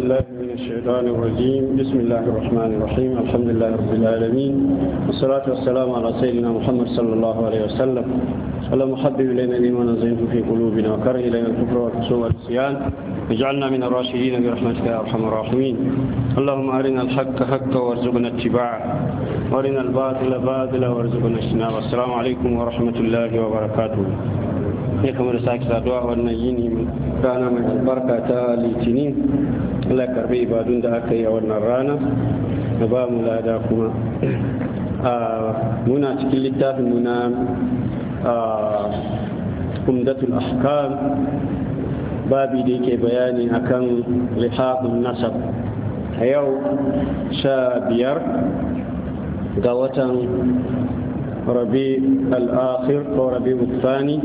الله من الشيطان الرجيم بسم الله الرحمن الرحيم الحمد لله رب العالمين والصلاة والسلام على سيدنا محمد صلى الله عليه وسلم اللهم حبب إلينا الإيمان وزينه في قلوبنا وكره إلينا الكفر والفسوق والعصيان واجعلنا من الراشدين برحمتك يا أرحم الراحمين اللهم أرنا الحق حقا وارزقنا اتباعه وأرنا الباطل باطلا وارزقنا اجتنابه السلام عليكم ورحمة الله وبركاته ya kamar sake saduwa wannan yini rana mai albarka ta litinin Allah karbi ibadun da aka yi a wannan rana da ba mu lada kuma muna cikin littafin muna umdatul ahkam babi da yake bayani akan lihaqun nasab a yau sha biyar ga watan rabi al'akhir ko rabi thani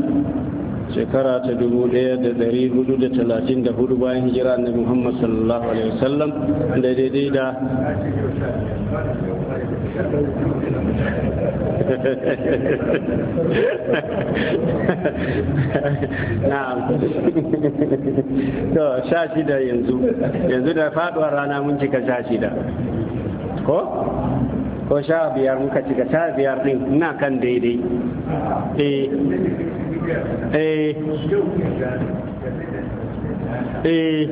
shekara ta 1434 bayan hijira na muhammad sallallahu alaihi wasallam da daidai da Na'am sha shida yanzu yanzu da faduwar rana mun cika sha shida ko ko sha biyar muka cika sha biyar din ina kan daidai eh Eh. Eh,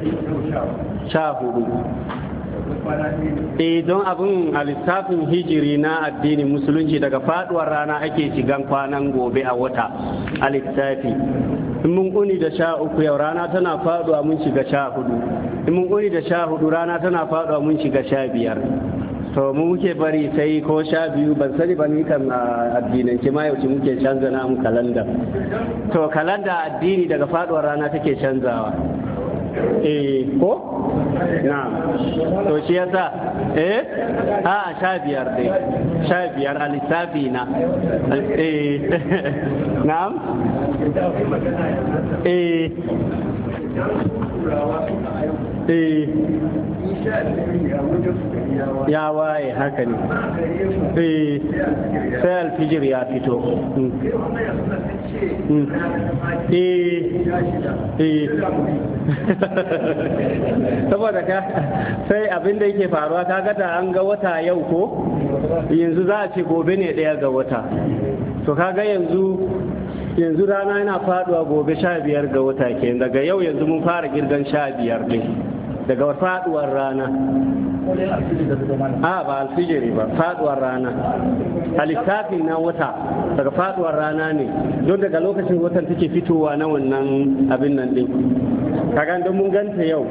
eh don abin alisafin hijiri na addinin musulunci daga faduwar rana ake shigan kwanan gobe a wata alisafi. in mun kuni da sha uku yau rana tana faduwa mun shiga sha hudu in mun kuni da sha hudu rana tana faduwa mun shiga sha biyar to mu muke bari sai ko sha biyu ban sani ba ni kan addinance ma yaushe muke canza namu kalanda to kalanda addini daga faduwar rana take canzawa eh ko na'am to shi yasa eh a sha biyar dai sha biyar a lissafi na eh na'am eh eh ya waye haka ne eh sai alfijir ya fito hmm. Hmm. Eh. Eh. saboda ka sai abin da yake faruwa ta gada an ga wata yau ko yanzu za a ce gobe ne daya ga wata to kaga yanzu yanzu rana yana faduwa gobe sha biyar ga wata ke daga yau yanzu mun fara girgan sha biyar ne daga faduwar rana a ah, ba alfijiri ba faduwar rana a littafin na wata daga faduwar rana ne don daga lokacin watan take fitowa na wannan abin nan din kaga don mun ganta yau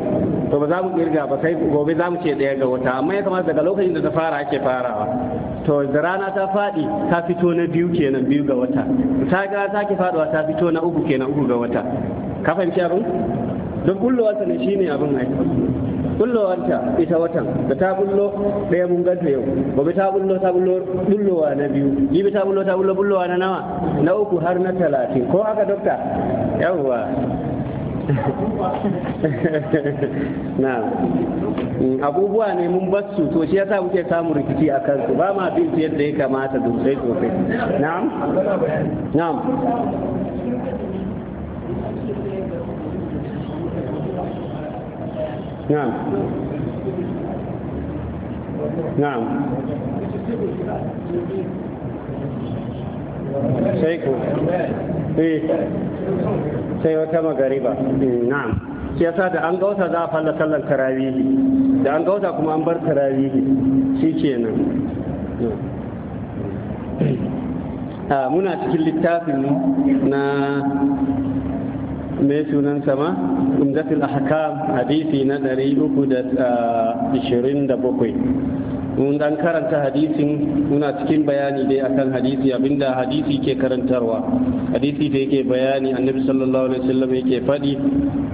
to ba za mu kirga ba sai gobe za mu ce daya ga wata amma ya kamata daga lokacin da ta fara ake farawa to da rana ta faɗi ta fito na biyu kenan biyu ga wata ta ga ta ke faɗuwa ta fito na uku kenan uku ga wata ka fahimci abin don bullowarsa ne shine abin ai bullowarta ita watan da ta bullo ɗaya mun ganta yau gobe ta bullo ta bullo bullowa na biyu bi ta bullo ta bullo bullowa na nawa na uku har na talatin ko haka dokta yawwa na mm, abubuwa ne mun basu to shi yasa muke samun rikici a kansu ba ma bin yadda ya kamata sosai sosai na'am na'am نعم نعم eh. sai wata magariba eh, na'am shi yasa da an gauta za a falla sallan tarawihi da an gauta kuma an bar tarawihi shi ke nan. Ah, muna cikin littafin na mai sunan sama umdatul ahkam hadisi na 327 mun dan karanta hadisin muna cikin bayani dai akan hadisi abinda hadisi ke karantarwa hadisi da yake bayani annabi sallallahu alaihi wasallam yake faɗi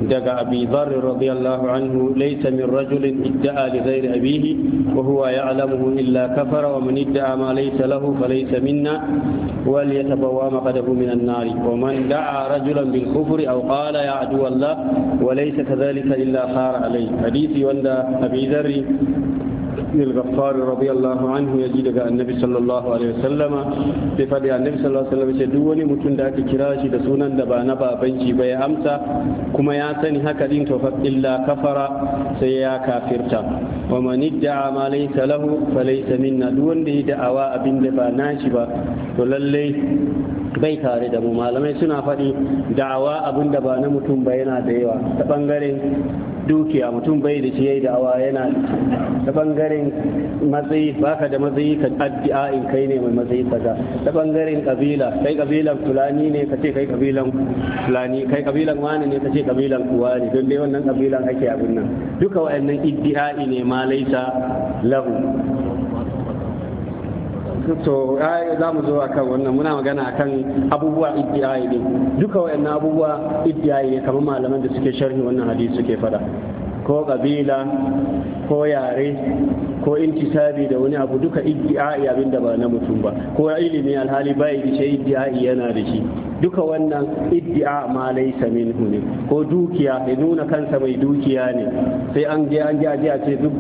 daga abi dharr radiyallahu anhu laysa min rajulin idda'a li ghairi abihi wa huwa ya'lamuhu illa kafara wa man idda'a ma laysa lahu falaysa minna wal yatabawwa maqadahu minan nar wa man da'a rajulan bil kufri aw qala ya adu Allah wa laysa kadhalika illa khara alayhi hadisi wanda abi dharr بن الغفار رضي daga annabi sallallahu annabi sallallahu wani mutum da aka kira shi da sunan da ba na babanci ba ya amsa kuma ya sani haka din to illa kafara sai ya kafirta wa man idda'a ma laysa lahu falaysa minna duk wanda ya da'awa abin da ba nashi ba to lalle bai tare da mu malamai suna faɗi da'awa abinda da ba na mutum ba yana da yawa ta ɓangaren dukiya mutum bai da shi yayi da'awa yana ta bangaren matsayi baka da matsayi ka addu'a in kai ne mai matsayi kaza ta bangaren kabila kai kabilan fulani ne kace kai kabilan fulani kai kabilan wani ne kace kabilan kuwa ne don dai wannan kabilan ake abin nan duka wayannan iddi'ai ne ma laisa lahu to ai za mu zo akan wannan muna magana akan abubuwa ibtiai duka wayannan abubuwa ibtiai ne kamar malaman da suke sharhi wannan hadisi suke fada ko ƙabila ko yare ko intisabi da wani abu duka iddi'a'i abin da ba na mutum ba ko ilimi alhali bai ce iddi'a'i yana da shi duka wannan iddi'a ma laisa minhu ne ko dukiya ya nuna kansa mai dukiya ne sai an je an je a ce duk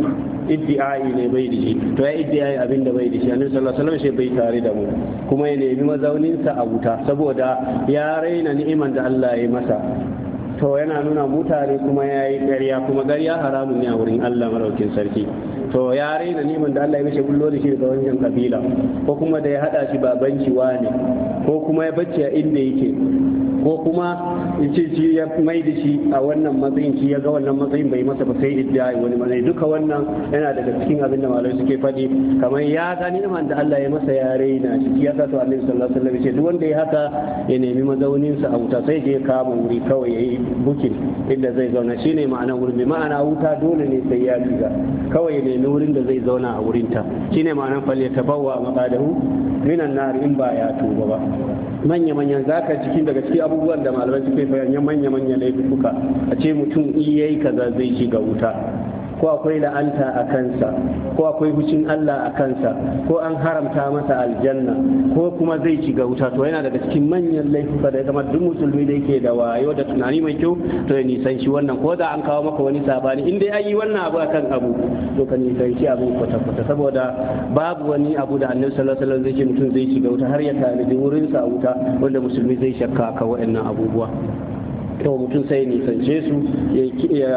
iddi'a'i ne bai da shi to ya iddi'a'i abin da bai da shi annabi sallallahu alaihi wasallam bai tare da mu kuma ya nemi mazauninsa a wuta saboda ya raina ni'iman da Allah ya masa to yana nuna mutane kuma ya yi ƙarya kuma ƙarya haramun ne a wurin Allah maraukin sarki to ya raina niman da Allah ya mace bullo da shi daga wancan kabila ko kuma da ya hada shi babanci wane ko kuma ya bacci a inda yake ko kuma ya ce shi ya mai da shi a wannan matsayin shi ya ga wannan matsayin bai masa ba sai idda wani mai duka wannan yana daga cikin abin da malamai suke faɗi kamar ya ga neman da Allah ya masa ya raina shi ya sa to Allah sallallahu alaihi wasallam ya ce duk wanda ya haka ya nemi mazaunin sa a wuta sai je kama wuri kawai yayi bukin inda zai zauna shine ma'ana wurin ma'ana wuta dole ne sai ya shiga kawai ne nemi wurin da zai zauna a wurinta shine ma'anar falle ta bawa maqadahu minan nar in ba ya tuba ba manya manyan zaka cikin daga cikin abubuwan da malamai suke bayan manya manyan laifuka a ce mutum iya yi kaza zai shiga wuta ko akwai la'anta a kansa ko akwai hucin Allah a kansa ko an haramta masa aljanna ko kuma zai shiga wuta to yana daga cikin manyan laifuka da ya zama duk musulmi da yake da wayo da tunani mai kyau to ya nisan shi wannan ko da an kawo maka wani sabani in dai an wannan abu akan abu to ka nisan shi kwata kwata saboda babu wani abu da annabi sallallahu alaihi wasallam zai ce mutum zai shiga wuta har ya tare da wurinsa a wuta wanda musulmi zai shakka ka wa'annan abubuwa to mutum sai nisance su ya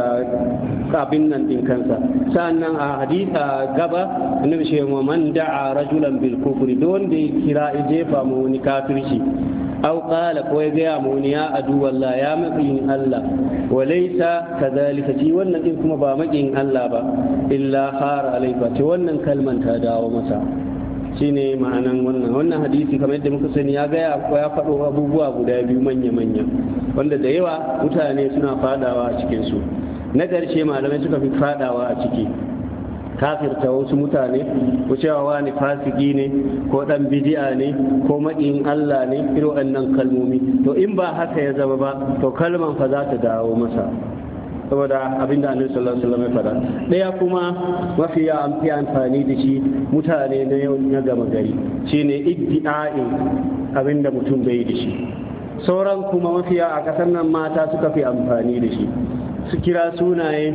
abin nan din kansa sa'annan a hadisa gaba annabi shi wa man da'a rajulan bil kufri don da ya kira ya jefa mu wani kafirci aw qala ko ya gaya mu ni ya adu wallah ya maqiyin Allah wa laysa kadhalika wannan din kuma ba maqiyin Allah ba illa khara alayka ci wannan kalman ta dawo masa shine ma'anan wannan wannan hadisi kamar yadda muka sani ya gaya ko ya faɗo abubuwa guda biyu manya-manya wanda da yawa mutane suna fadawa a cikin su na ƙarshe malamai suka fi fadawa a ciki kafirta wasu mutane ko cewa wani fasiki ne ko dan bidi'a ne ko maɗin Allah ne irin waɗannan kalmomi to in ba haka ya zama ba to kalman fa za ta dawo masa saboda abin da annabi sallallahu alaihi wasallam ya faɗa daya kuma mafi ya amfi amfani da shi mutane da yau na gama gari shine iddi'a'in abin da mutum bai da shi sauran kuma mafiya a kasar nan mata suka fi amfani da shi su kira sunaye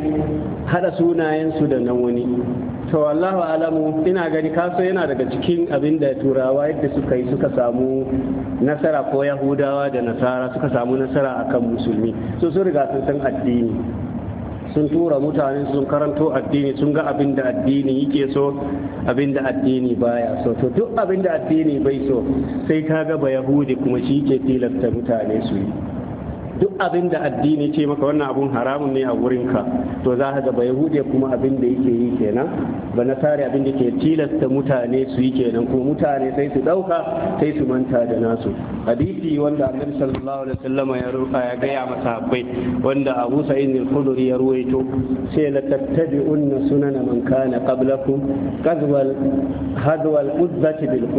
hada sunayensu da nan wani to wallahu alamu ina gani kaso yana daga cikin abin da turawa yadda suka yi suka samu nasara ko yahudawa da nasara suka samu nasara akan musulmi so sun riga sun san addini sun tura mutane sun karanto addini sun ga abin da addini yake so abin da addini baya so to duk abin da addini bai so sai ka gaba yahudi kuma shi ke tilasta mutane su yi duk abin da addini ce maka wannan abun haramun ne a wurinka to za ka gaba yahudiya kuma abin da yake yi kenan ba na tare abin da ke tilasta mutane su yi kenan kuma mutane sai su ɗauka sai su manta da nasu hadisi wanda annabi sallallahu alaihi wasallam ya ruka ya gaya masa akwai wanda abu sa'id al-khudri ya ruwaito sai la tattabi'unna sunana man kana qablakum qadwal hadwal qudzati bil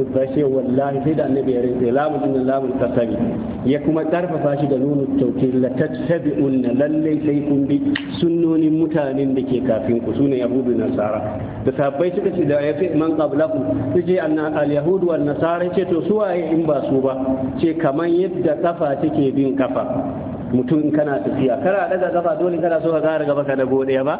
wallahi sai da annabi ya rinse lamun lamun kasani ya kuma karfafa shi da nunu ce la tattabi'unna lallai sai kun bi sunnonin mutanen da ke kafin ku sune yahudu nasara da sabbai suka ce da ya fi man qablaku ce al yahudu wal nasara ce to su waye in ba su ba ce kaman yadda kafa take bin kafa mutum in kana tafiya kana daga kafa dole kana so ka gara gaba ka dago daya ba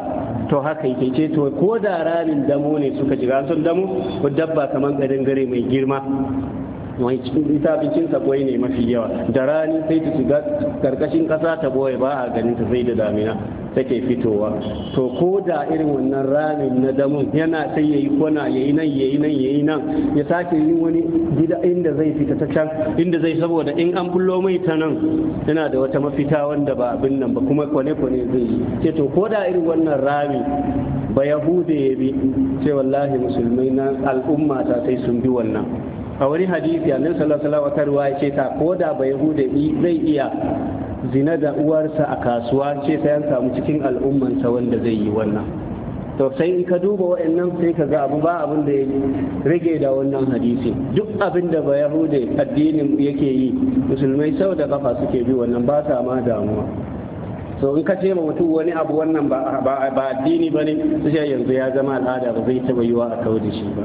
to haka yake ce to ko da ranin damo ne suka shiga sun damo ko dabba kaman garin mai girma wani cikin ita abincin ta boye ne mafi yawa da rani sai ta shiga karkashin kasa ta boye ba a ganin ta sai da damina take fitowa to ko da irin wannan ramin na damun yana sai yayi kwana yayi nan yayi nan yayi nan ya sake yin wani gida inda zai fita ta can inda zai saboda in an bullo mai ta nan yana da wata mafita wanda ba abin nan ba kuma kwane kwane zai yi ce to ko da irin wannan rami ba yahude ya bi ce wallahi musulmai na al'umma ta sai sun bi wannan a wani hadisi nan sallallahu alaihi wasallam ruwa ya ce ta ko da ba yahuda zai iya zina da uwarsa a kasuwa ce sai an samu cikin al'ummansa wanda zai yi wannan to sai in ka duba wa'annan sai ka ga abu ba abin da ya rage da wannan hadisi duk abin da ba yahude addinin yake yi musulmai sau da kafa suke bi wannan ba sa ma damuwa so in ka ce ma mutum wani abu wannan ba addini ba ne sai yanzu ya zama al'ada ba zai taɓa yiwa a kawo da shi ba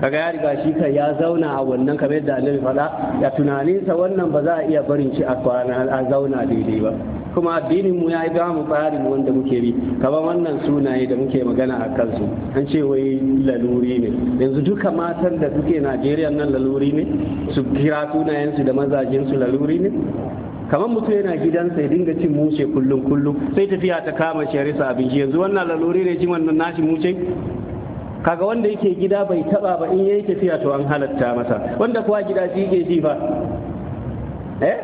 kaga ya riga shi kai ya zauna a wannan kamar yadda annabi faɗa ya tunaninsa wannan ba za a iya barin shi a kwana a zauna daidai ba kuma addinin mu ya yi mu tsarin wanda muke bi kamar wannan sunaye da muke magana a kansu an ce wai laluri ne yanzu duka matan da suke najeriya nan laluri ne su kira sunayensu da mazajensu laluri ne kamar mutum yana gidansa ya dinga cin mushe kullum kullum sai tafiya ta kama shi ya abinci yanzu wannan laluri ne ji wannan nashi mushe kaga wanda yake gida bai taba ba in yayi tafiya to an halatta masa wanda kuwa gida shi yake ji fa eh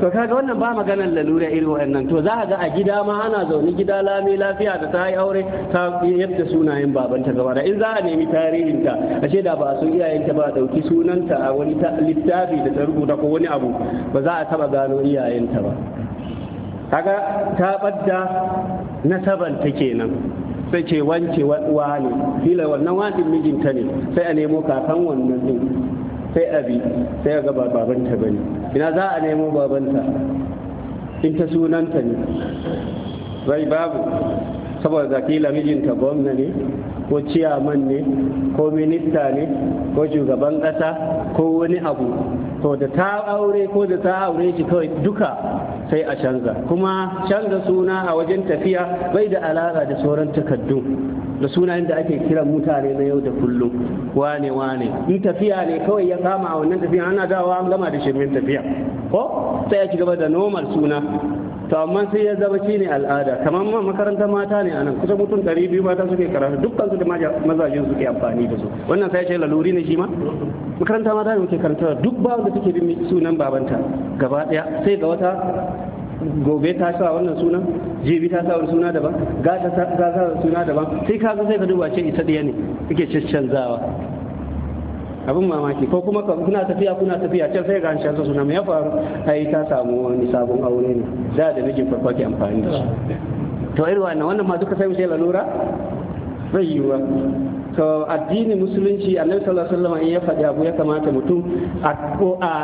to kaga wannan ba maganar lalura irin wannan to za ga a gida ma ana zaune gida lami lafiya da ta yi aure ta yadda sunayen babanta gaba da in za a nemi tarihinta ashe da ba su iyayenta ba dauki sunanta a wani littafi da ta rubuta ko wani abu ba za a taba gano iyayenta ba kaga ta badda take kenan sai ce wance wa ne kila wannan wadin mijinta ne sai a nemo kakan wannan din sai abi sai ga babanta ba ne ina za a nemo babanta in ta sunanta ne bai babu saboda kila mijinta gwamna ne ko ciyaman ne ko minista ne ko shugaban ƙasa ko wani abu to da ta aure ko da ta aure shi kawai duka sai a canza kuma canza suna a wajen tafiya bai da alaka da sauran takaddu da sunayen da ake kiran mutane na yau da kullum wane wane in tafiya ne kawai ya kama a wannan tafiya ana dawa an gama da shirin tafiya ko sai ya ci gaba da normal suna to amma sai ya zama shi ne al'ada kamar ma makarantar mata ne anan kusan mutum ɗari biyu mata suke karatu dukkan su da mazajen suke amfani da su wannan sai ce laluri ne shi ma makarantar mata ne muke karanta duk ba wanda suke bin sunan babanta gaba ɗaya sai ga wata gobe ta sa wannan suna jibi ta sa wani suna daban gata ta sa suna daban sai ka sai ka duba ce ita ɗaya ne take cancanzawa abin mamaki ko kuma kuna tafiya kuna tafiya can sai ga hancin suna ya faru ai ta samu wani sabon aure ne da da mijin farko ke amfani da shi to irin wannan wannan ma duka sai mu sai lalura zai wa to addinin musulunci annabi sallallahu alaihi wasallam in ya faɗi abu ya kamata mutum a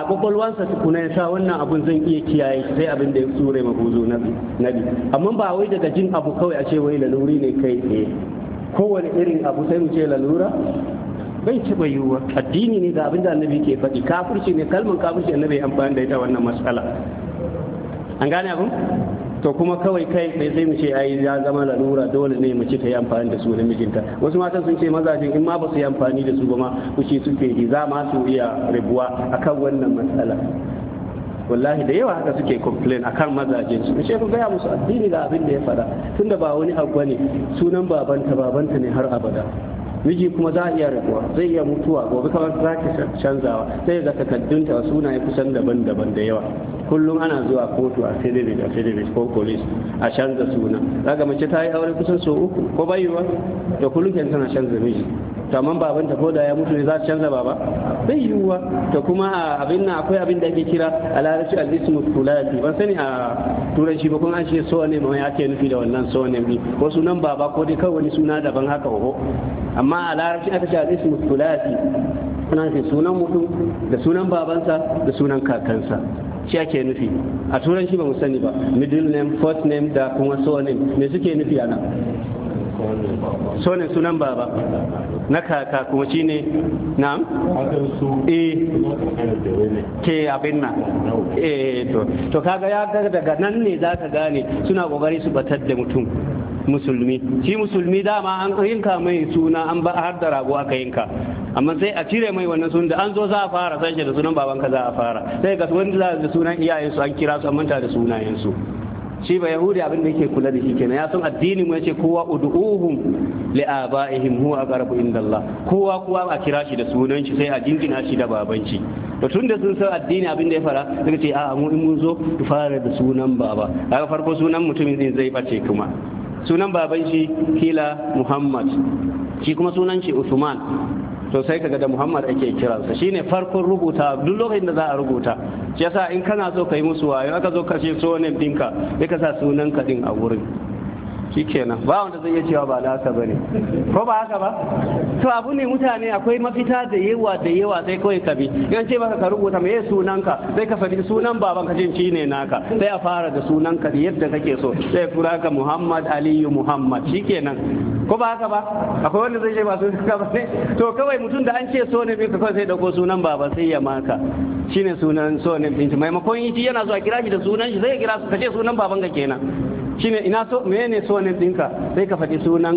kwakwalwansa tukuna ya sa wannan abun zan iya kiyaye sai abin da ya tsure mabuzo na nabi amma ba wai daga jin abu kawai a ce wai laluri ne kai ne kowane irin abu sai mu ce lalura bai taɓa yiwuwa addini ne ga abinda annabi ke faɗi kafirci ne kalmar kafirci annabi amfani da ita wannan matsala an gane abin to kuma kawai kai bai sai mu ce ai ya zama lalura dole ne mace ta yi amfani da su da mijinta wasu mata sun ce mazajin in ma ba su yi amfani da su ba ma kuce suke yi za ma su iya rabuwa akan wannan matsala wallahi da yawa haka suke complain akan mazajin su ce ku gaya musu addini da abin da ya faɗa tunda ba wani abu ne sunan babanta babanta ne har abada miji kuma za a iya rabuwa zai iya mutuwa gobe kawai za ka canzawa sai ga takaddunta sunaye kusan daban-daban da yawa kullum ana zuwa kotu a fidibit a fidibit ko polis a canza suna za ga mace ta yi aure kusan so uku ko bayuwa da kullum tana canza miji to amma baban ta koda ya mutu ne za ta canza baba bai yiwuwa to kuma abin nan akwai abin da ake kira a larabci al-ismu fulati ban sani a turanci ba kun an ce so ne mai ake nufi da wannan so ne ko sunan baba ko dai kawai wani suna daban haka oho amma amma a larabci aka ce hadisi ismu thulathi suna nufin sunan mutum da sunan babansa da sunan kakansa shi ake nufi a turanci ba mu sani ba middle name first name da kuma surname me suke nufi a nan sonin sunan baba na kaka kuma shi ne na e ke abin na e to kaga ya daga nan ne za ka gane suna kokari su batar da mutum musulmi shi musulmi dama an yinka mai suna an ba har da rago aka yinka amma sai a cire mai wannan sunan da an zo za a fara san shi da sunan babanka za a fara sai ga wanda da sunan iyayensu an kira su an manta da sunayensu shi ba yahudi abin da yake kula da shi kenan ya san addini mu yace kowa ud'uhum li abaihim huwa aqrabu indallah kowa kowa a kira shi da sunan shi sai a jinjina shi da babanci, to tun da sun san addini abin da ya fara sai ce a mu in mun zo tu fara da sunan baba daga farko sunan mutumin zai bace kuma sunan baban shi kila muhammad shi kuma sunan shi usman to sai kaga da muhammad ake kiransa shine farkon rubuta duk lokacin da za a rubuta shi yasa in kana so ka yi musu wayo aka zo ka so ne dinka sai sa sunan ka din a wurin shikenan ba wanda zai iya cewa ba nasa ba ne ko ba haka ba to abu ne mutane akwai mafita da yawa da yawa sai kawai ka bi yan ce baka ka rubuta me sunanka sai ka faɗi sunan baban ka shi ne naka sai a fara da sunanka da yadda kake so sai kura ka Muhammad Aliyu Muhammad shikenan ko ba haka ba akwai wanda zai ce ba sunanka ba ne to kawai mutum da an ce so ne ka kawai sai dauko sunan baba sai ya maka shine sunan so ne maimakon yi yana zuwa kira shi da sunan shi sai ya kira ka ce sunan baban ka kenan shine ina so menene so dinka sai ka faɗi sunan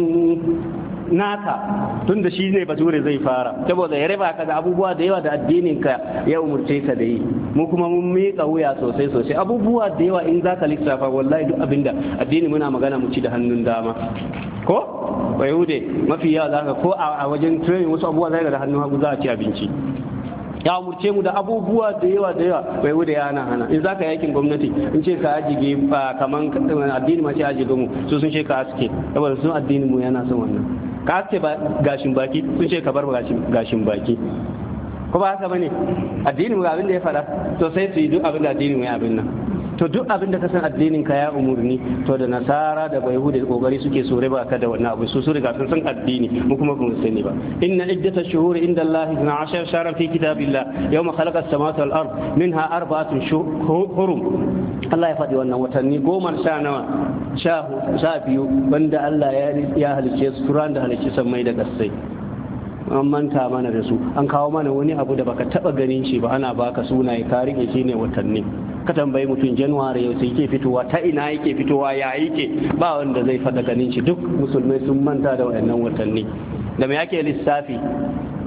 naka tun da shi ne bature zai fara saboda ya raba ka da abubuwa da yawa da addinin ka ya umurce ka da yi mu kuma mun miƙa wuya sosai sosai abubuwa da yawa in zaka lissafa wallahi duk abinda addini muna magana mu ci da hannun dama ko bai mafi yawa zaka ko a wajen training wasu abubuwa zai ga da hannun hagu za a ci abinci ya umurce mu da abubuwa da yawa da yawa bai wuda ya hana hana in zaka yakin gwamnati in ce ka ajige kaman addini ma ce ajige mu su sun ce ka aske saboda sun addini mu yana son wannan ka aske gashin baki sun ce ka bar gashin baki ko ba haka bane addini mu abin da ya fara to sai su yi duk abin da addini mu ya abin nan to duk abin da ka san addinin ka ya umurni to da nasara da bai da kokari suke so riba ka da wannan abu su su riga sun san addini mu kuma ba sani ba inna iddata shuhuri inda Allah 12 shahra fi kitabillah yawma khalaqa as-samawati wal ard minha arba'atun hurum Allah ya faɗi wannan watanni goma sha nawa sha biyu wanda Allah ya halice su turan da san mai da kasai an manta mana da su an kawo mana wani abu da baka taba ganin shi ba ana baka sunaye ka rike shi watanni ka tambayi mutum januwari yau sai ke fitowa ta ina yake fitowa ya yake ba wanda zai faɗa ganin shi duk musulmai sun manta da waɗannan watanni da me ake lissafi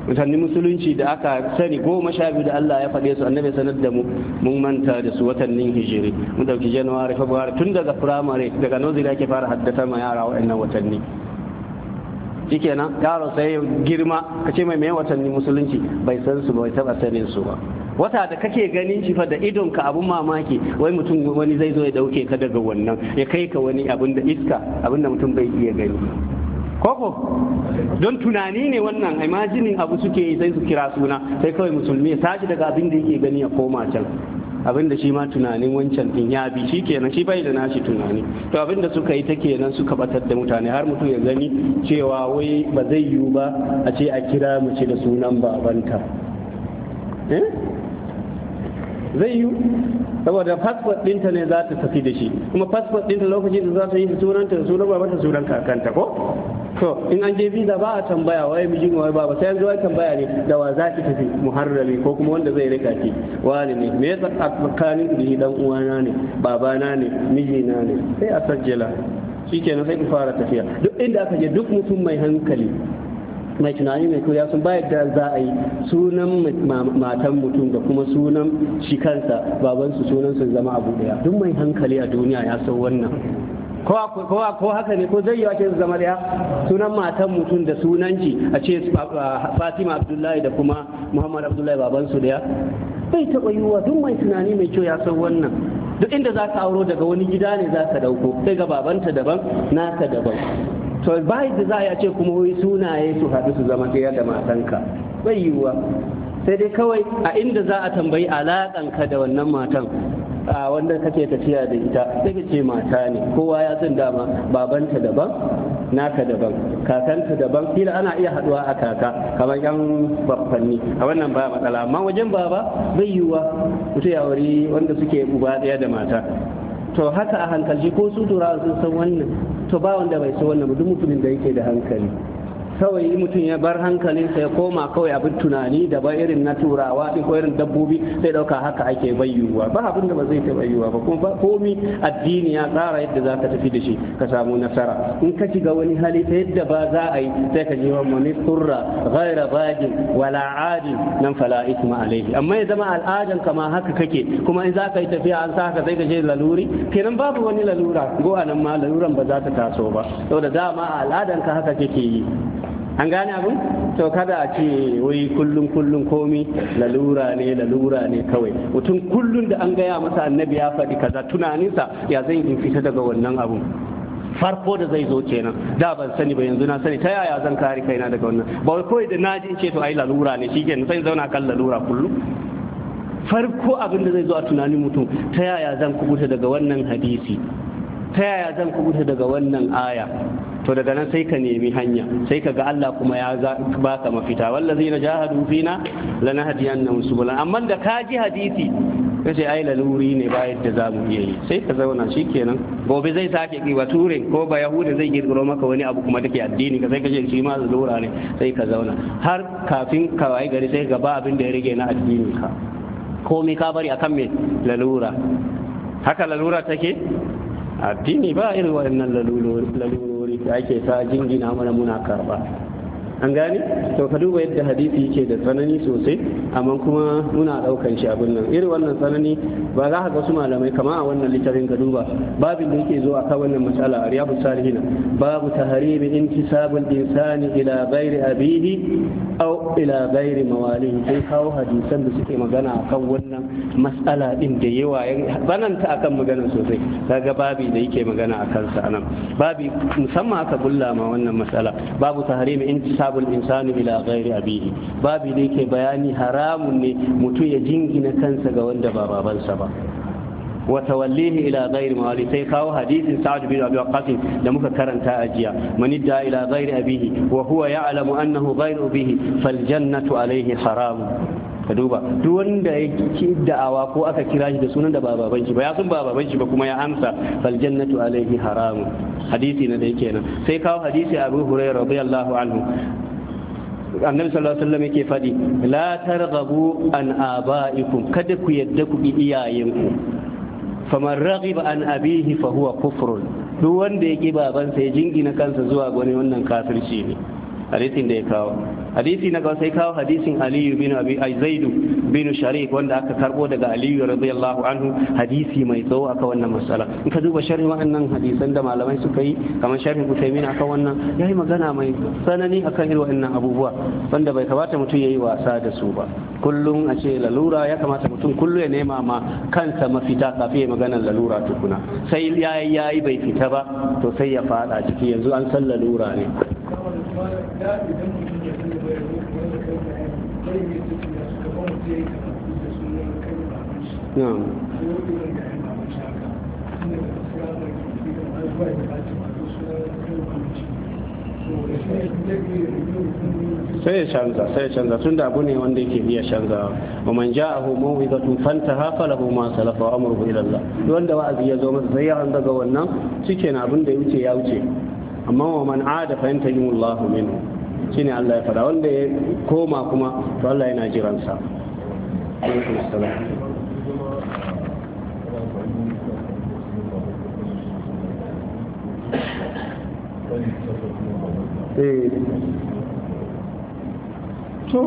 watanni musulunci da aka sani goma sha biyu da Allah ya faɗe su annabi sanar da mu mun manta da su watannin hijiri mun dauki januwari february tun daga firamare daga nozira ke fara haddasa ma yara waɗannan watanni shikenan yaro sai girma kace ce mai me watanni musulunci bai san su ba bai taba sanin su ba wata da kake ganin shi fa da idon ka abun mamaki wai mutum wani zai zo ya dauke ka daga wannan ya kai ka wani abun da iska abun da mutum bai iya gani koko don tunani ne wannan imagining abu suke yi sai su kira suna sai kawai musulmi ya tashi daga abin da yake gani ya koma can abin da shi ma tunanin wancan din ya bi shi kenan shi bai da nashi tunani to abin da suka yi ta kenan suka batar da mutane har mutum ya gani cewa wai ba zai yiwu ba a ce a kira mu ce da sunan babanta eh zai yi saboda fasfot dinta ne za ta tafi da shi kuma fasfot dinta lokacin da za ta yi sunanta da sunan babanta sunan kakanta ko to in an je visa ba a tambaya wai mijin wai baba sai an zo an tambaya ne da wa za ki tafi muharrami ko kuma wanda zai rika ki wani ne me yasa tsakanin ku dan uwana ne babana ne mijina ne sai a sajjala shikenan sai ku fara tafiya duk inda aka je duk mutum mai hankali mai tunani mai kuriya sun bayar da za a yi sunan matan mutum da kuma sunan shi kansa babansu sunan sun zama abu daya duk mai hankali a duniya ya san wannan ko haka ne ko zai yi ake zama daya sunan matan mutum da sunanci a ce fatima abdullahi da kuma muhammad abdullahi babansu daya bai taɓa yiwuwa duk mai tunani mai kyau ya san wannan duk inda za ka auro daga wani gida ne za ka ɗauko sai ga babanta daban naka daban to bai da za a ce kuma wai sunaye su haɗu su zama ɗaya da matanka bai yiwuwa sai dai kawai a inda za a tambayi alaƙanka da wannan matan a wanda kake tafiya da ita sai ka ce mata ne kowa ya san dama babanta daban naka daban kakanta daban kila ana iya haɗuwa a kaka kamar yan babbanni a wannan ba matsala amma wajen baba bai yiwuwa mutu ya wanda suke uba ɗaya da mata to haka a hankalci ko su turawa sun san wannan to ba wanda bai san wannan duk mutumin da yake da hankali yi mutum ya bar hankalinsa ya koma kawai abin tunani da ba irin na turawa ko irin dabbobi sai dauka haka ake bayyuwa ba abin da ba zai ta bayyuwa ba kuma ba komi addini ya tsara yadda za ka tafi da shi ka samu nasara in ka shiga wani hali ta yadda ba za a yi sai ka je wa mani turra ghaira wala adin nan fala isma alaihi amma ya zama al'adan kama haka kake kuma in za ka yi tafiya an sa ka sai ka je laluri kenan babu wani lalura go nan ma laluran ba za ta taso ba saboda dama al'adan ka haka kake yi an gane abin to kada a ce wai kullum kullum komi lalura ne lalura ne kawai mutum kullum da an gaya masa annabi ya faɗi kaza tunaninsa ya zan in fita daga wannan abun farko da zai zo kenan da ban sani ba yanzu na sani ta yaya zan kare kaina daga wannan ba wai kawai da na ji ce to ai lalura ne shi kenan sai zauna kan lalura kullum farko abin da zai zo a tunanin mutum ta yaya zan kubuta daga wannan hadisi ta yaya zan kubuta daga wannan aya to daga nan sai ka nemi hanya sai ka ga Allah kuma ya baka mafita wallazi na jahadu fina lana hadiyan na musubulan amma da ka ji hadisi ka ce ai laluri ne ba yadda za mu iya yi sai ka zauna shi kenan gobe zai sake ki bature ko ba yahudi zai girgiro maka wani abu kuma take addini ka sai ka ce shi ma lalura ne sai ka zauna har kafin ka wayi gari sai ka ba abin da ya rage na addini ka komai ka bari akan me lalura haka lalura take addini ba irin waɗannan lalura. da ake ta jingina mana muna karba an gane to ka duba yadda hadisi yake da tsanani sosai amma kuma muna daukan shi abin nan irin wannan tsanani ba za ka ga su malamai kama a wannan littafin ka duba babin da yake zo a kan wannan matsala a riyadu salihin babu tahrimi intisabul insani ila ghairi abihi aw ila ghairi mawalihi sai kawo hadisan da suke magana kan wannan matsala din da yawa tsananta akan magana sosai kaga babi da yake magana akan sa nan babi musamman aka bulla ma wannan matsala babu tahrimi intisabul zahabul insan ila ghairi abihi babu da yake bayani haramun ne mutum ya jingina kansa ga wanda ba babansa ba wa tawallihi ila ghairi mawali kawo hadisin sa'ad bin abi waqqas da muka karanta a jiya man idda ila ghairi abihi wa huwa ya'lamu annahu ghairu bihi fal jannatu alayhi haramu. ka duba duk wanda ya yake da'awa ko aka kira shi da sunan da ba baban shi ba ya san ba baban shi ba kuma ya amsa fal jannatu alaihi haramu hadisi na da yake nan sai kawo hadisi Abu Hurairah radiyallahu anhu annabi sallallahu alaihi wasallam yake faɗi la targhabu an abaikum kada ku yadda ku bi iyayenku faman raghiba an abihi fa huwa kufrun duk wanda yake babansa ya jingina kansa zuwa ga wannan kafirci ne hadisin da ya kawo hadisi na sai kawo hadisin aliyu bin abi zaidu bin sharif wanda aka karbo daga aliyu radiyallahu anhu hadisi mai tsawo aka wannan masala in ka duba sharhi wannan hadisan da malamai suka yi kamar sharhin usaimin aka wannan yayi magana mai tsanani akan irin wa'annan abubuwa wanda bai kamata mutum ya yi wasa da su ba kullum a ce lalura ya kamata mutum kullum ya nema ma kansa mafita kafin ya magana lalura tukuna sai yayi yayi bai fita ba to sai ya fada ciki yanzu an san lalura ne sai ya canza sai ya canza tunda abu ne wanda yake biya canza wa man ja ja'ahu fanta hafa falahu ma salafa amruhu ila Allah wanda wa'azi ya zo masa sai ya ga wannan cikin abin da ya wuce ya wuce amma wa man ada fa yi Allahu minhu shine Allah ya fada wanda ya koma kuma to Allah yana jiransa eh. to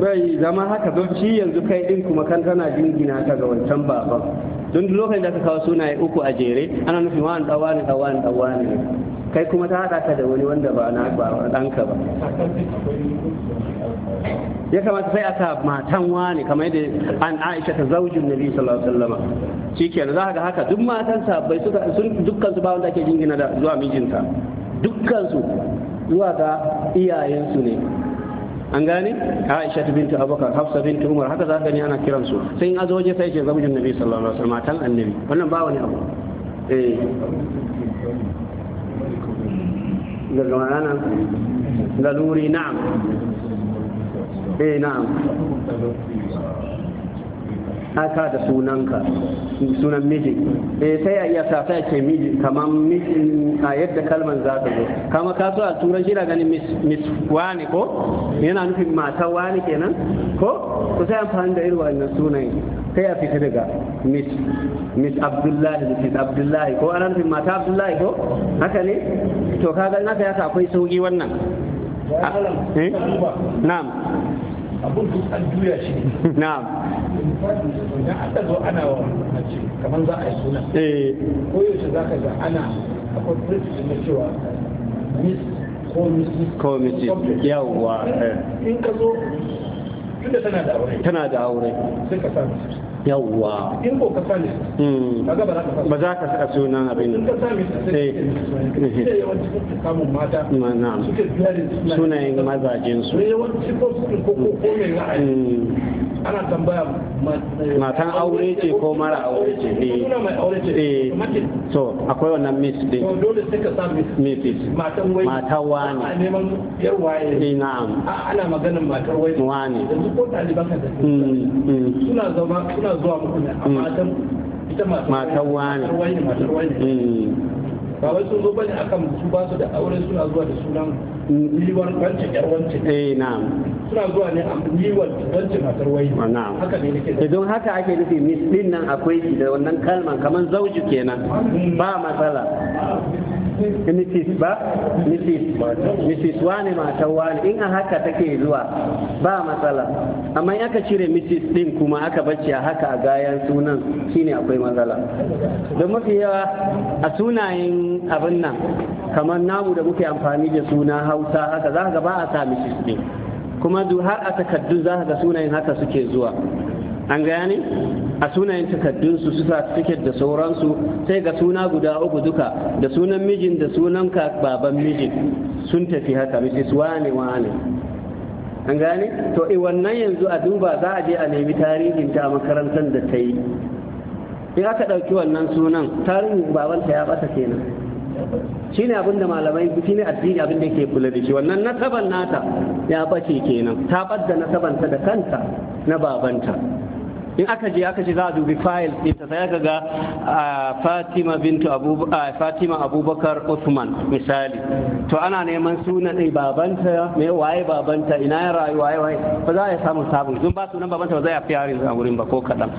bai zama haka don shi yanzu kai din kuma kan tana jingina ta ga wancan baban don lokacin da aka kawo sunaye uku a jere ana nufin wa'an dawa ne dawa ne dawa ne kai kuma ta haɗa ka da wani wanda ba na ba ɗanka ba ya kamata sai aka matan wani kamar yadda an aisha ta zaujin nabi sallallahu alaihi wasallam shikenan za ka ga haka duk matan sabbai suka sun dukkan su ba wanda ake jingina da zuwa mijinta dukkan su zuwa ga iyayensu ne an gane aisha bintu abubakar hafsa bintu umar haka za ka gani ana kiransu sai in azo waje sai ce zaujin nabi sallallahu alaihi wasallam matan annabi wannan ba wani abu eh جلوانا أنا نعم إيه نعم aka da sunanka sunan eh, miji eh sai a iya sa sai ke miji kamar miji a yadda kalman za ta zo kama ka so a turan shi da ganin miss wani ko yana nufin mata wani kenan ko to sai amfani da irin wannan sunan sai a fita daga miss miss abdullahi miss abdullahi ko ana nufin mata abdullahi ko haka ne to kaga in haka ya akwai sauki wannan eh? na'am abun duk an juya shi Na idan aka zo ana wa mace kamar za a yi suna eh ko yaushe za ka ga ana akwai principle na cewa miss ko mrs ko mrs yawwa eh. in ka zo tunda tana da aure tana da aure sai ka sa yawwa in ko ka sani hmm. kaga ba za ka ba za ka saka sunan abin nan eh eh kamun mata na suke sunayen mazajin su ne yawanci ko ko ko mai ra'ayi hmm. ana tambaya eh, matan aure ce ko mara aure ce eh, ne eh, so akwai wannan miss din miss mata wani a neman yar ana magana matar wai wani mm, mm. suna zuwa muku ne a mm. matan ita wani wani ba wai sun zo bane akan su ba su da aure suna zuwa da sunan liwar wancan yar wancan eh na'am suna zuwa ne a liwar wancan matar wai haka ne nake da eh, don haka ake nufi mis din nan akwai shi da wannan kalman kaman zauju kenan mm. ba matsala Mrs. ba Mrs. Mrs. wane matan wane in a haka take zuwa ba matsala amma in aka cire Mrs. din kuma aka bacci a haka a gayan sunan shine akwai matsala da mafi yawa a sunayen abin nan kamar namu da muke amfani da suna Hausa haka za ga ba a sa Mrs. din kuma har a takardu za ka ga sunayen haka suke zuwa an gaya ne a sunayen takardunsu su sa certificate da sauransu sai ga suna guda uku duka da sunan mijin da sunan baban mijin sun tafi haka mrs wane wane an gane to i eh, wannan yanzu a duba za a je a nemi tarihin ta a makarantar da ta yi in aka ɗauki wannan sunan tarihin babanta ya ɓata kenan shine abin da malamai shine addini abin da ke kula da shi wannan nasaban nata ya bace kenan ta ɓadda nasabanta da kanta na babanta in aka je aka ce za a dubi fayil ta sai aka ga ah, fatima bintu ah, fatima abubakar usman misali to ana neman sunan ɗin babanta me waye babanta ina ya rayu waye waye ba za a samu samun sabon sun ba sunan babanta ba za a fi yarin a wurin ba ko kaɗan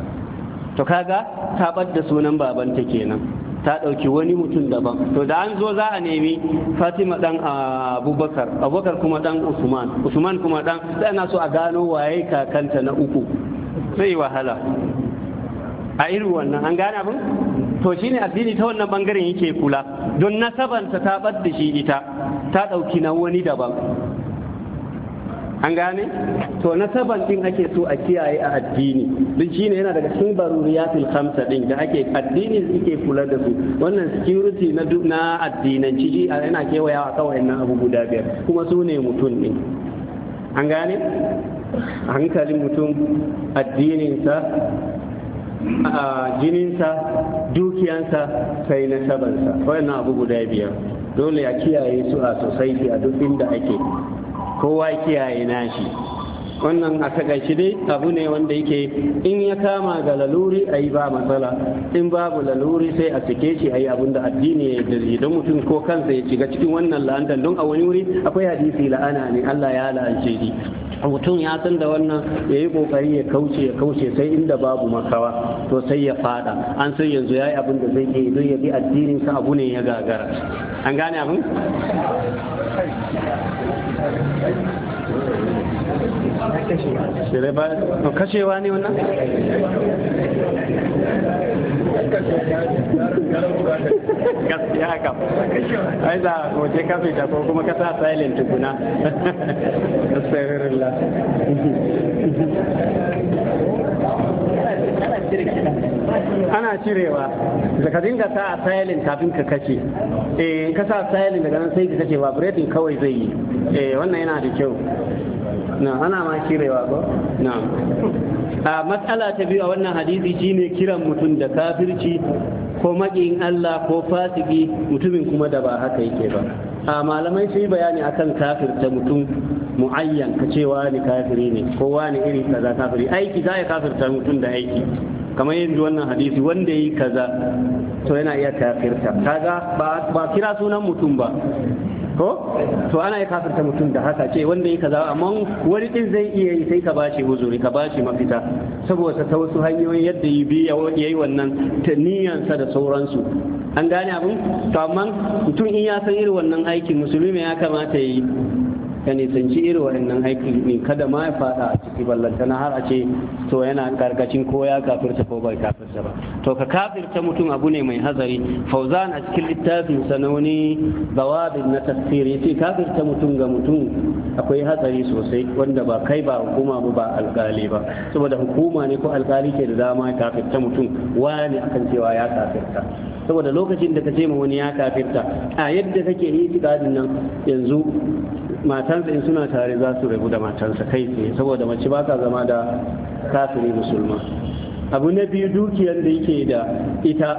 to kaga ta bada sunan babanta kenan ta ɗauki wani mutum daban to da an zo za a nemi fatima ɗan ah, abubakar abubakar kuma ɗan usman usman kuma ɗan sai ana so a gano waye kakanta na uku zai wahala a irin wannan an gane abin to shi ne addini ta wannan bangaren yake kula don nasabanta ta bar da shi ita ta ɗauki na wani daban an gane to nasaban ɗin ake so a kiyaye a addini duk ne yana daga cikin baruriyatul khamsa ɗin da ake addini ke kula da su wannan security na na addinanci yana kewayawa kawai na abu guda biyar kuma su ne mutum ɗin, an gane hankalin mutum addininsa a jininsa dukiyansa sai na sabansa wani abu guda biyar dole ya kiyaye su a sosai a duk inda ake kowa kiyaye nashi wannan a takaice dai abu ne wanda yake in ya kama ga laluri a yi ba matsala in babu laluri sai a sake shi a yi abin da addini ya yi don mutum ko kansa ya shiga cikin wannan la'antar don a wani wuri akwai hadisi la'ana ne Allah ya la'ance shi mutum ya san da wannan ya yi kokari ya kauce ya kauce sai inda babu makawa to sai ya fada an san yanzu ya yi abin da zai iya don ya bi addinin sa abu ne ya gagara an gane abin sai ba to kashewa ne wannan gaskiya haka ai za wace kafe ta ko kuma ka sa silent tukuna astaghfirullah ana cirewa da ka dinga sa a silent kafin ka kashe eh ka sa silent daga nan sai ka kashe vibrating kawai zai yi eh wannan yana da kyau ana ma kirewa ba na a matsala ta biyu a wannan hadisi shine kiran mutum da kafirci ko maƙin Allah ko fasiki mutumin kuma da ba haka yake ba a malamai sun yi bayani akan kafirta mutum mu'ayyan ka ce wani kafiri ne ko wani iri kaza kafiri aiki za ya kafirta mutum da aiki kamar yanzu wannan hadisi wanda yi kaza to yana iya kafirta kaga ba kira sunan mutum ba ko to ana ya kafirta mutum da haka ce wanda ya kaza amma wani din zai iya yi sai ka bashi huzuri ka bashi mafita saboda ta wasu hanyoyin yadda yi biya yi wannan ta da sauransu an gane abin to amma mutum in ya san irin wannan aikin musulmi ya kamata ya yi ya nisanci irin waɗannan aiki ne kada ma ya faɗa a ciki ballantana har a ce to yana karkashin ko ya kafirta ko bai kafirta ba to ka kafirta mutum abu ne mai hazari fauzan a cikin littafin sanoni na zawabin na tasiri yace kafirta mutum ga mutum akwai hatsari sosai wanda ba kai ba hukuma ba alkali ba saboda hukuma ne ko alkali ke da dama kafirta mutum wani akan cewa ya kafirta saboda lokacin da ka ce ma wani ya kafirta a yadda kake itikadin nan yanzu matansa in suna tare za su rabu da matansa kai tsaye saboda mace ba ka zama da kafiri musulma abu na biyu dukiyar da yake da ita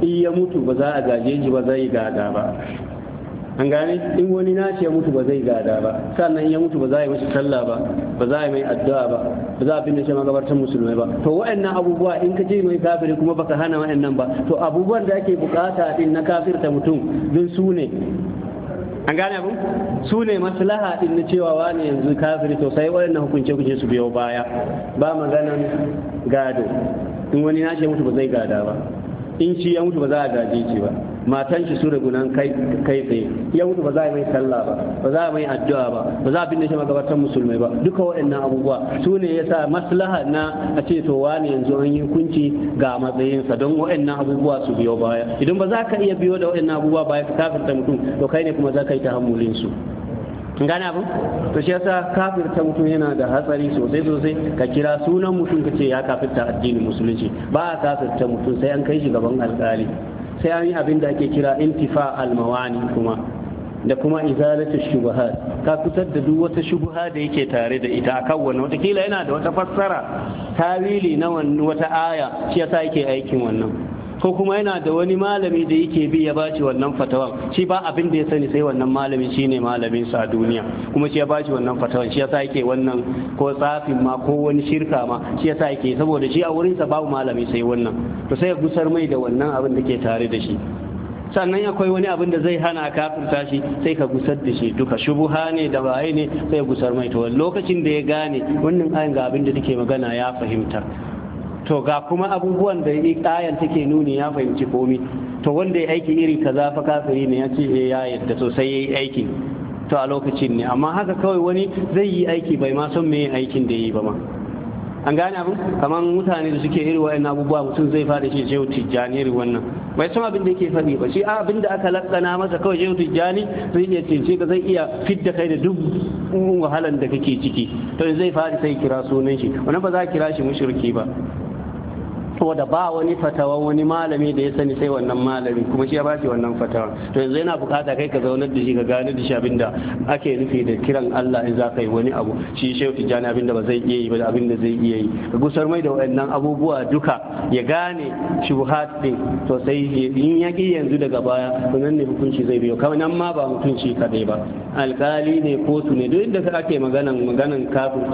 in ya mutu ba za a gaje ji ba zai gada ba an gane in wani nashi ya mutu ba zai gada ba sannan ya mutu ba za a yi mashi sallah ba ba za a yi mai addu'a ba ba za a binne shi magabartan musulmai ba to wa'annan abubuwa in ka ce mai kafiri kuma baka hana wa'annan ba to abubuwan da ake bukata din na kafirta mutum dun su ne an gane abu su ne maslaha din na cewa wani yanzu kafiri to sai wa'annan hukunce hukunce su biyo baya ba maganan gado in wani nashi ya mutu ba zai gada ba in shi ya mutu ba za a gaje shi ba matan shi su ragunan kai tsaye ya mutu ba za a mai sallah ba ba za a mai addu'a ba ba za a binne shi magabatan musulmai ba duka waɗannan abubuwa su ne ya sa maslaha na a ce to wani yanzu an yi hukunci ga matsayinsa don waɗannan abubuwa su biyo baya idan ba za ka iya biyo da waɗannan abubuwa baya ka kafirta mutum to kai ne kuma za ka yi tahammulin su gana abu to shi yasa kafirta mutum yana da hatsari sosai sosai ka kira sunan mutum ka ce ya kafirta addinin musulunci ba a kafirta mutum sai an kai shi gaban alkali sai an yi abin da ake kira intifa almawani kuma da kuma izalatu shubuhat ka fitar da duk wata shubuha da yake tare da ita akan wannan watakila yana da wata fassara tawili na wata aya shi yasa yake aikin wannan ko kuma yana da wani malami da yake bi ya bashi wannan fatawan shi ba abin da ya sani sai wannan malami shine malamin sa a duniya kuma shi ya bashi wannan fatawan shi yasa yake wannan ko tsafin ma ko wani shirka ma shi yasa yake saboda shi a wurin sa babu malami sai wannan to sai ya gusar mai da wannan abin da ke tare da shi sannan akwai wani abin da zai hana kafirta shi sai ka gusar da shi duka shubuha ne da baye ne sai gusar mai to lokacin da ya gane wannan ayin ga abin da take magana ya fahimta to ga kuma abubuwan da ayan take nuni ya fahimci komi to wanda ya aiki iri kaza fa kafiri ne ya ce eh ya yadda sosai ya yi aiki to a lokacin ne amma haka kawai wani zai yi aiki bai ma son me aikin da yi ba ma an gane abin kamar mutane da suke iri wa'annan abubuwa mutum zai fada shi jehu tijjani iri wannan bai san abin da yake faɗi ba shi abin da aka latsana masa kawai jehu tijjani zai iya cince ka zai iya fidda kai da duk wahalan da kake ciki to zai fara sai kira sunan shi wannan ba za a kira shi mushriki ba To da ba wani fatawan wani malami da ya sani sai wannan malami kuma shi ya ba shi wannan fatawan to yanzu yana bukata kai ka zaunar da shi ka gane da shi abinda ake nufi da kiran Allah in za ka yi wani abu shi shehu tijjani abinda ba zai iya yi ba abinda zai iya yi ka gusar mai da wannan abubuwa duka ya gane shubuhat din to sai in ya ki yanzu daga baya to nan ne hukunci zai biyo kamar nan ma ba mutunci kadai ba alkali ne kotu ne duk inda ake maganan maganan kafin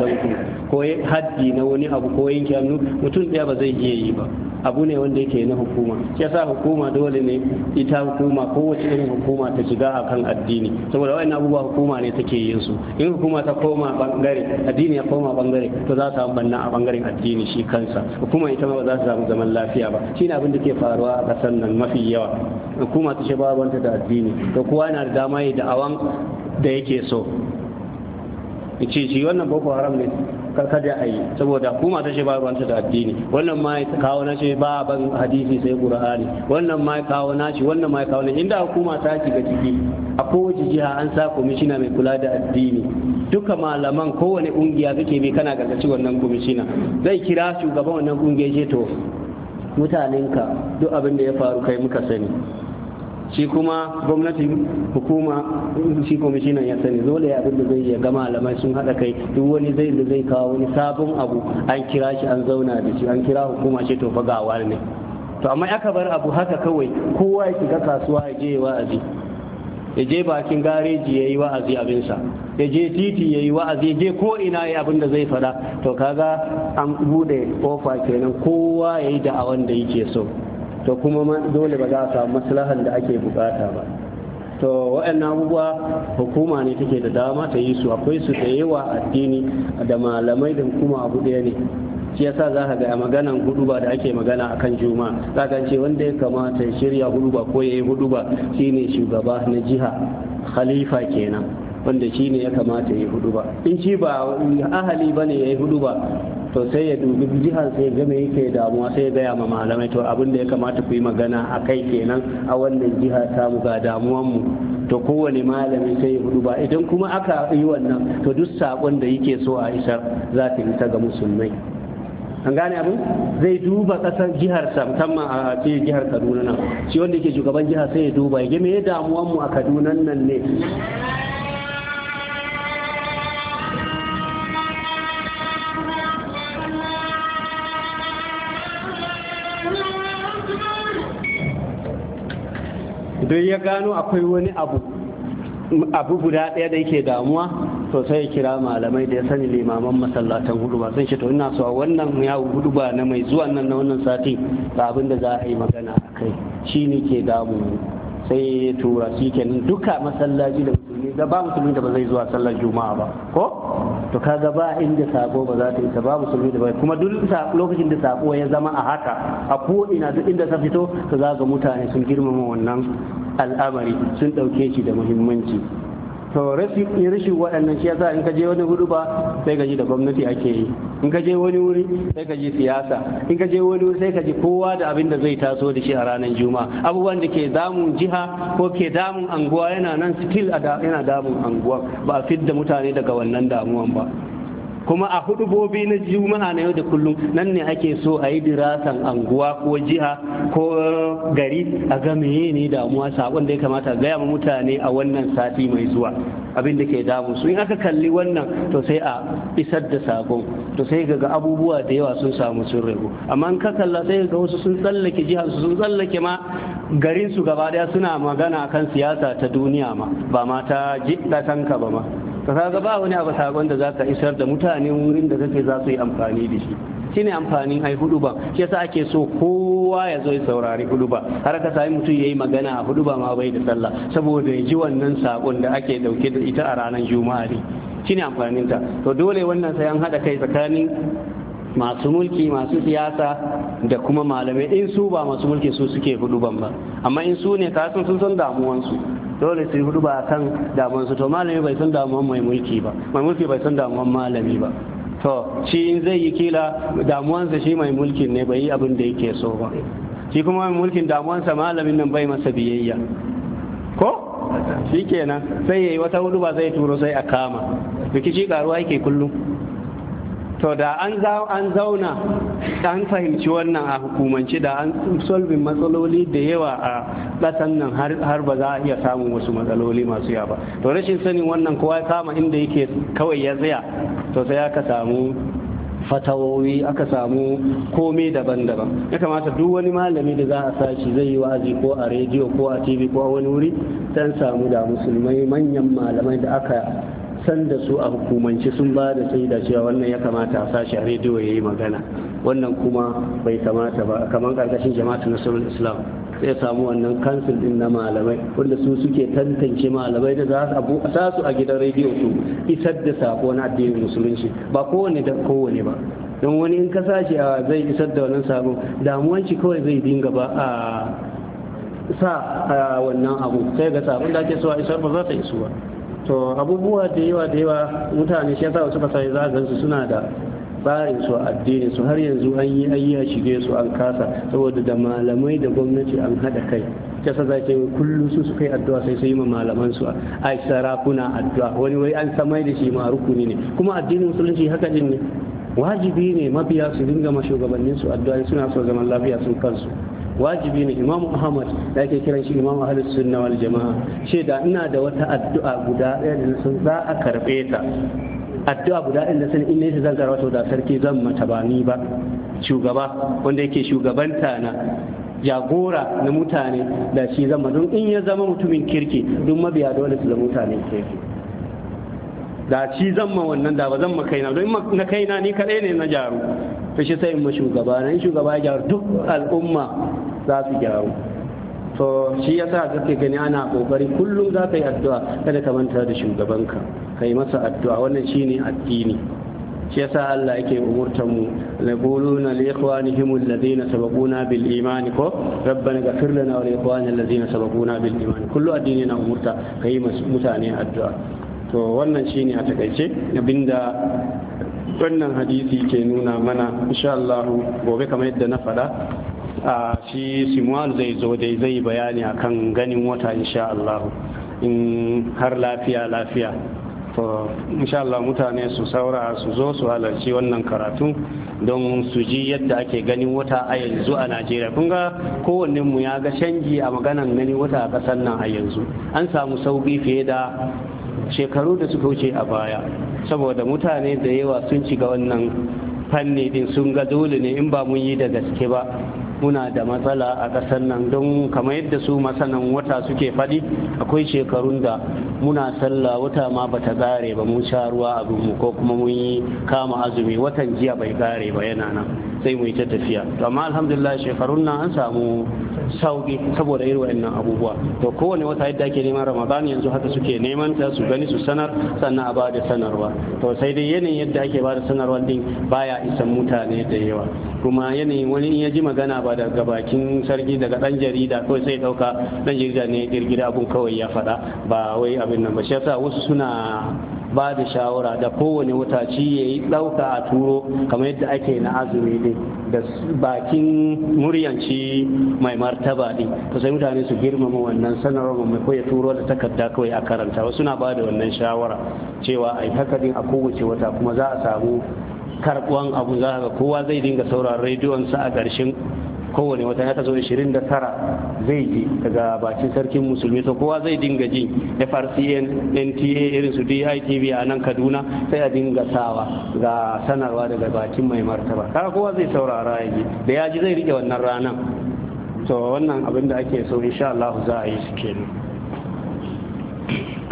ko haddi na wani abu ko yanki hannu mutum ɗaya ba zai iya yi ba abu ne wanda yake na hukuma yasa hukuma dole ne ita hukuma kowace irin hukuma ta shiga akan addini saboda wayannan abubuwa hukuma ne take yin su in hukuma ta koma bangare addini ya koma bangare to za ta samu banna a bangaren addini shi kansa hukuma ita ma ba za ta samu zaman lafiya ba shi na abin da ke faruwa a kasar nan mafi yawa hukuma ta ce babanta da addini to kowa na da dama yi da awan da yake so ce shi wannan boko haram ne kada a yi saboda kuma ta ce ba ruwanta da addini wannan ma ya kawo na ce ba ban hadisi sai qur'ani wannan ma ya kawo na ce wannan ma ya kawo na inda hukuma ta shiga ciki a kowace jiha an sa komishina mai kula da addini duka malaman kowane kungiya suke bi kana gargaci wannan komishina zai kira shugaban wannan kungiya ce to mutanenka duk abin da ya faru kai muka sani shi kuma gwamnatin hukuma shi kwamishinan ya sani dole ya abin da zai ya gama alamai sun haɗa kai duk wani zai da zai kawo wani sabon abu an kira shi an zauna da shi an kira hukuma shi to fagawa ne to amma aka bar abu haka kawai kowa ya shiga kasuwa ya je wa'azi ya je bakin gareji ya yi wa'azi abinsa ya je titi ya yi wa'azi ya je ko ina ya abin da zai fada to kaga an bude kofa kenan kowa ya yi da'awan da yake so to kuma dole ba za a samu maslahan da ake bukata ba to waɗannan abubuwa hukuma ne take da dama ta yi su akwai su da yawa addini da malamai da kuma abu ɗaya ne shi yasa za ka ga a maganan huduba da ake magana a kan juma za ka ce wanda ya kamata ya shirya huduba ko ya yi huduba shine shugaba na jiha khalifa kenan wanda shi ne ya kamata ya yi ba in shi ba ahali ba ne ya yi huduba to sai ya dubi jihar sai ga me yake damuwa sai ya gaya ma malamai to abin da ya kamata ku yi magana a kai kenan a wannan jiha ta mu ga damuwan mu to kowane malami sai ya hudu ba idan kuma aka yi wannan to duk sakon da yake so a isar za ta yi ta ga musulmai an gane abin zai duba kasar jihar sa musamman a ce jihar kaduna nan shi wanda yake shugaban jihar sai ya duba ya ga me ya damuwan mu a kaduna nan ne don ya gano akwai wani abu abu guda ɗaya da yake damuwa to sai ya kira malamai da ya sani limaman masallatan hudu ba sun to ina so wannan ya hudu ba na mai zuwa nan na wannan sati ga abin da za a yi magana a kai shi ne ke damu sai ya tura shi kenan duka masallaci da musulmi da ba musulmi da ba zai zuwa sallar juma'a ba ko to kaga ba inda sako ba za ta isa babu sulhu da bai kuma duk lokacin da sako ya zama a haka a ko ina duk inda ta fito to za ga mutane sun girmama wannan al'amari sun ɗauke shi da muhimmanci to rashin waɗannan shi yasa in ka je wani hudu ba sai ka ji da gwamnati ake yi in ka je wani wuri sai ka ji siyasa in ka je wani wuri sai ka ji kowa da abin da zai taso da shi a ranar juma'a abubuwan da ke damun jiha ko ke damun anguwa yana nan still yana damun anguwa ba a fidda mutane daga wannan damuwan ba kuma a hudubobi na juma'a na yau da kullum nan ne ake so a yi dirasan anguwa ko jiha ko gari a ga meye ne damuwa sabon da ya kamata gaya ma mutane a wannan sati mai zuwa abin da ke damu su in aka kalli wannan to sai a isar da sakon to sai ga abubuwa da yawa sun samu sun rabu amma in ka kalla sai ga wasu sun tsallake jihar su sun tsallake ma garin su gaba daya suna magana kan siyasa ta duniya ma ba ma ta jiɗa tanka ba ma ka kaga ba wani abu sabon da zaka isar da mutanen wurin da kake za su yi amfani da shi shine amfanin ai hudu ba shi yasa ake so kowa ya zo ya saurari hudu ba har ka sami mutum yayi magana a hudu ba ma bai da sallah saboda ji wannan sakon da ake dauke da ita a ranar juma'a ne shine amfanin ta to dole wannan sai an hada kai tsakanin masu mulki masu siyasa da kuma malamai in su ba masu mulki su suke hudu ban ba amma in su ne kasan sun san damuwansu dole su yi hudu ba kan damuwan su to malami bai san damuwar mai mulki ba mai mulki bai san damuwar malami ba to shi in zai yi kila damuwansa shi mai mulkin ne bai yi abin da yake so ba shi kuma mai mulkin damuwansa malamin nan bai masa biyayya ko shi kenan sai yayi wata hudu ba zai turo sai a kama rikici karuwa yake kullum to da an zauna an fahimci wannan a hukumance da an solvin matsaloli da yawa a ƙasan nan har ba za a iya samun wasu matsaloli masu yawa ba to rashin sanin wannan kowa ya kama inda yake kawai ya tsaya to sai aka samu fatawowi aka samu komai daban-daban ya kamata duk wani malami da za a sashi zai yi wa'azi ko a rediyo ko a tv ko a wani wuri dan samu da musulmai manyan malamai da aka san da su a hukumance sun ba da shaida cewa wannan ya kamata a sashi a rediyo ya yi magana wannan kuma bai kamata ba kamar karkashin jama'atu nasarar islam sai samu wannan kansil din na malamai wanda su suke tantance malamai da za su sa su a gidan rediyo su isar da sako na addinin musulunci ba kowane da kowane ba don wani in ka sashi a zai isar da wannan sako damuwanci kawai zai dinga ba a sa wannan abu sai ga sabon da ake so a isar ba za ta isuwa ba to abubuwa da yawa da yawa mutane shi yasa wasu fasari za gansu suna da tsarin su addini su har yanzu an yi ayya shige su an kasa saboda da malamai da gwamnati an hada kai kasa za ce kullum su su kai addu'a sai su yi ma malaman su a sarakuna addu'a wani wai an samai da shi ma rukuni ne kuma addinin musulunci haka din ne wajibi ne mabiya su dinga ma shugabannin su addu'a suna so zaman lafiya sun kansu wajibi ne imamu muhammad da ake kiran shi imamu ahlus sunna wal jama'a ce da ina da wata addu'a guda ɗaya da na za a karɓe ta addu'a guda ɗaya, da sani in nesa zan zara da sarki zan mata ba ni ba shugaba wanda yake shugabanta na jagora na mutane da shi zama don in ya zama mutumin kirki don mabiya dole su zama mutane kirki da shi zama wannan da ba zan ma kaina don na kaina ni kaɗai ne na jaru to shi sai in ma shugaba na in shugaba ya jaru duk al'umma za su gyaru to shi yasa kake gani ana kokari kullum za ka yi addu'a kada ka manta da shugabanka ka yi masa addu'a wannan shi ne addini shi yasa Allah yake umurta mu la quluna li ikhwanihim alladhina sabaquna bil iman ko rabbana ghfir lana wa li ikhwanina alladhina sabaquna bil iman kullu addini na umurta ka yi mutane addu'a to wannan shi ne a takaice abinda wannan hadisi ke nuna mana insha Allah gobe kamar yadda na faɗa a shi simuwal zai zo dai zai bayani a kan ganin wata insha Allah in har lafiya lafiya to insha Allah mutane su saura su zo su halarci wannan karatu don su ji yadda ake ganin wata a yanzu a Najeriya kun ga kowannen mu ya ga canji a maganan ganin wata a kasan nan a yanzu an samu sauki fiye da shekaru da suka wuce a baya saboda mutane da yawa sun ci ga wannan fanni din sun ga dole ne in ba mun yi da gaske ba muna da matsala a ƙasar nan don kamar yadda su masanan wata suke faɗi akwai shekarun da muna sallah wata ma bata gare ba mun sha ruwa abinmu ko kuma mun yi kama azumi watan jiya bai gare ba yana nan sai mu yi ta tafiya to amma alhamdulillah shekarun nan an samu sauki saboda irin wayannan abubuwa to kowane wata yadda ake neman ramadan yanzu haka suke neman ta su gani su sanar sannan a bada da sanarwa to sai dai yanayin yadda ake ba da sanarwa din baya isan mutane da yawa kuma yanayin wani in ya ji magana ba da gabakin sarki daga dan jarida ko sai dauka dan jarida ne girgida abun kawai ya faɗa ba wai abin nan ba shi yasa wasu suna ba da shawara da kowane wuta ci ya yi ɗauka a turo kamar yadda ake na azumi din da bakin muryanci mai martaba din to sai mutane su girmama wannan sanarwar mai ko ya turo da takarda kawai a karanta wasu na ba wannan shawara cewa a yi hakadin a kowace wata kuma za a samu karɓuwan abu za ga kowa zai dinga sauraron rediyonsa a ƙarshen kowane wata ya taso 29 zai ji daga bakin sarkin musulmi to kowa zai dinga ji frcn nta irin su ditv a nan kaduna sai a dinga sawa ga sanarwa daga bakin mai martaba kaga kowa zai saurara ya ji da ya ji zai rike wannan ranar to wannan abin da ake so insha Allah za a yi su kenan